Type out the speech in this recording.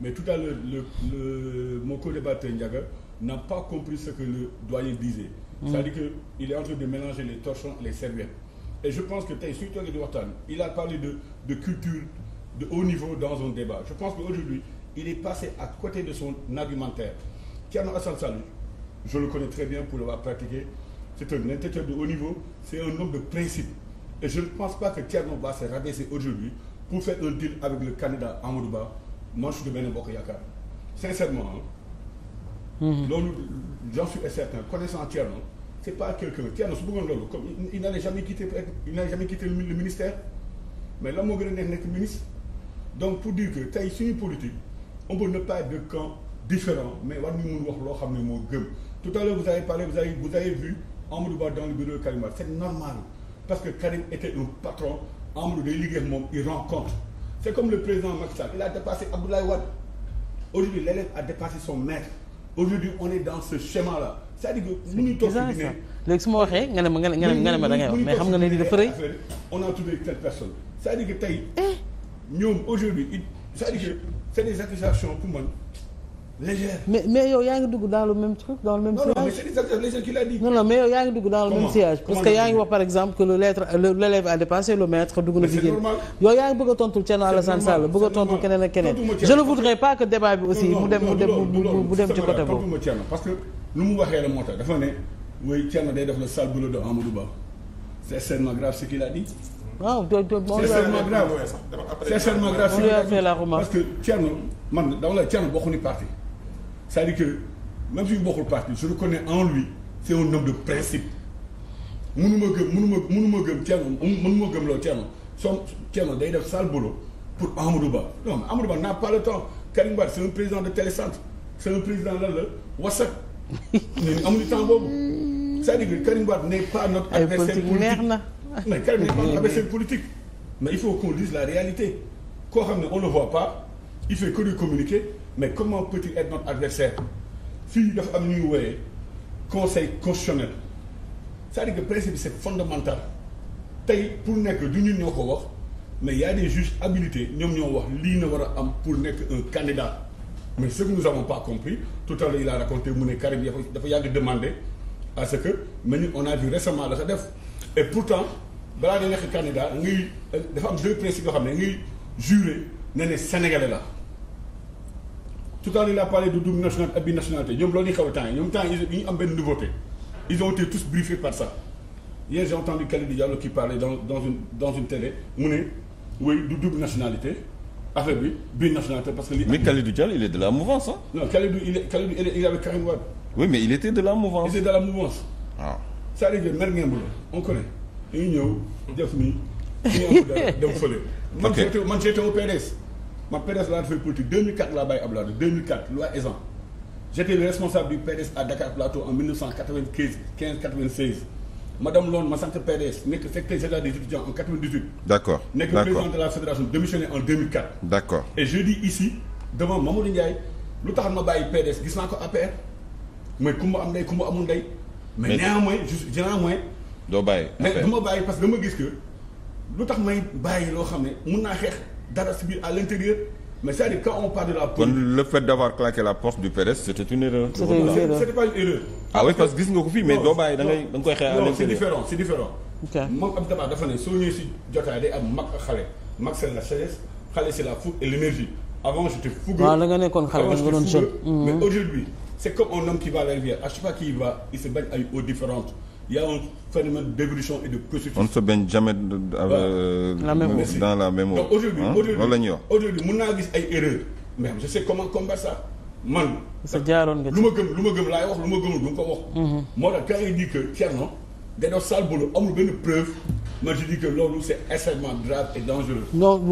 mais tout à l'heure le le mon co-débatteur n'a pas compris ce que le doyen disait. Mmh. c'est-à-dire que il est en train de mélanger les torchons les serviettes. et je pense que tey suñu toogee di waxtaan il a parlé de de culture de haut niveau dans un débat je pense que aujourd'hui il est passé à côté de son argumentaire. Thierno Assane Sall je le connais très bien pour l'avoir pratiqué c'est un intellectuel de haut niveau c'est un homme de principe et je ne pense que Thierno va se rabaisser aujourd'hui pour faire un manche du benn bokk yaakaar sincèrement mhm. loolu j'en suis certain connaissant Thierno c' est pas quelqu'un Thierno su bëggoon loolu comme il n'allait jamais jamais quitter le ministère mais lan moo gën a neex nekk ministre donc pour dire que tey suñu politique on peut ne pas être de camp différent mais war nañu mun wax loo xam ne moo gëm tout à l'heure vous avez parlé vous avez vous avez vu Amadou Ba dans le bureau de Karim normal parce que Karim était un patron Amadou moom il rend c'est comme le président Macky Sall il a dépassé Abdoulaye Wade aujourd'hui l'élève a dépassé son maître aujourd'hui dans ce schéma là c'est-à-dire que mënuñ toog ci dinañ léegi su ma waxee nga ne ma nga ne nga ne ma da ngay wax mais xam nga ne lii dafa rëy on a trouvé telle personne c'est-à-dire que tey eh? ñoom aujourd'hui c'est-à-dire que c'est des man légère mais mais yaa ngi dugg dans le même truc dans le même. sillage non l'a mais yaa ngi dugg dans le même sillage. parce que yaa ngi wax par exemple que le lettre l'élève a dépassé le maître dugg na. jigéen yow yaa ngi bëgg a tontu Thierno Alassane Sall bëgg a tontu keneen ak keneen. je ne voudrais pas que bi aussi. mu dem mu dem mu dem ci côté boobu. parce que lu mu waxee la moo dafa ne. oui Thierno day def le sale boulot de Amadou Ba. c'est extrêmement do do man dama la Thierno c'est-à-dire que même suñu bokkul parti je reconnais en lui c'est un homme de principe mënuma gëm mënuma mënuma gëm Thierno mënuma gëm loo Thierno son Thierno day def sale boulot pour Amadou Ba non Amadou Ba n'a pas le temps Karim Wade c'est un président de télécentre c'est un président lan la wasak ñun amuñu temps boobu sa à dire que Karim Wade n'est pas notre adversaire politique mais Karim politique mais il faut qu'on dise la réalité koo xam ne on ne voit pas il fait que lui communiquer mais comment peut-il être notre adversaire fii dafa am ñuy wooyee conseil constitutionnel c'est-à-dire que principe bi c'est fondamental tey pour nekk du ñun ñoo ko wax mais y a des juges habilités ñoom ñoo wax lii na war a am pour nekk un candidat mais ce que nous avons pas compris tout à yi il a mu ne Karim dafa dafa yàgg demander parce que ma ñu on a vu la sa def et temps balaa nga nekk candidat ngay dafa am deux principes xam ne ngay jurer na ne la tout à l'heure il a parlé de double national ak binationalité ñoom loolu ñuy xaw a temps ñoom temps yi ñu am benn nouveauté ils ont été tous briefés par ça hier j'ai entendu Kalidou Diallo qui parlait dans dans dans une télé mu ne oui du double nationalité affaire bi binationalité parce que. li mais Kalidou l il est de la mouvance non Kalidou il est Kalidou il est de la mouvance. il était mer ah. ngemb la on connaît dañuy ñëw def nii. ñu am dara dem fële. ok man j'étais au PDS. ma PDS laa dafay politique 2004 laa bàyyi Abdoulaye 2004 loi Ezzan j'étais le responsable du PDS a Dakar Plateau en 1995 15 96 ma dem loon ma sant PDS nekk secrétaire général des étudiants en 98. d' accord nekk président de la fédération démissionné en 2004. d' accord et je dis ici devant Mamadou Ndiaye lu tax ma bàyyi PDS gis naa ko APR mais ku am ndey ku ma amul ndey. mais néanmoins je néanmoins. doo bàyyi mais bàyyi parce que dama gis lu tax may bàyyi loo xam ne mun naa xeex. dara si biir à l'intérieur mais cest quand on parle de la. politique du PDS c'était une erreur. c'était une erreur ah oui parce que gis nga ko fii mais doo bàyyi da ngay da nga koy xeex. à l'intérieur non c'est différent c'est différent. ok moom ab tabax dafa ne soo ñëwee si jotaay day am mag xale mag c'est la sagesse xale c'est la fougue et l'énergie avant j'étais fougueux. waaw ah, la nga nekkoon xale da nga doon jeune mais mm-hmm. aujourd'hui c'est comme un homme qui va la y' a un phénomène d'évolution et de processus. on ne se baigne jamais de, euh, la même dans la même eau. donc aujourd'hui loolu la ñuy naa gis ay erreurs mais je sais comment combattre ça man. sa jaaroon nga lu ma gëm lu ma gëm laay wax lu ma gëmul du ma ko wax. Mhm. moo tax gars yi di que Thierno da doon sale boulot amul benn preuve man je dis loolu c'est extrêmement grave et dangereux.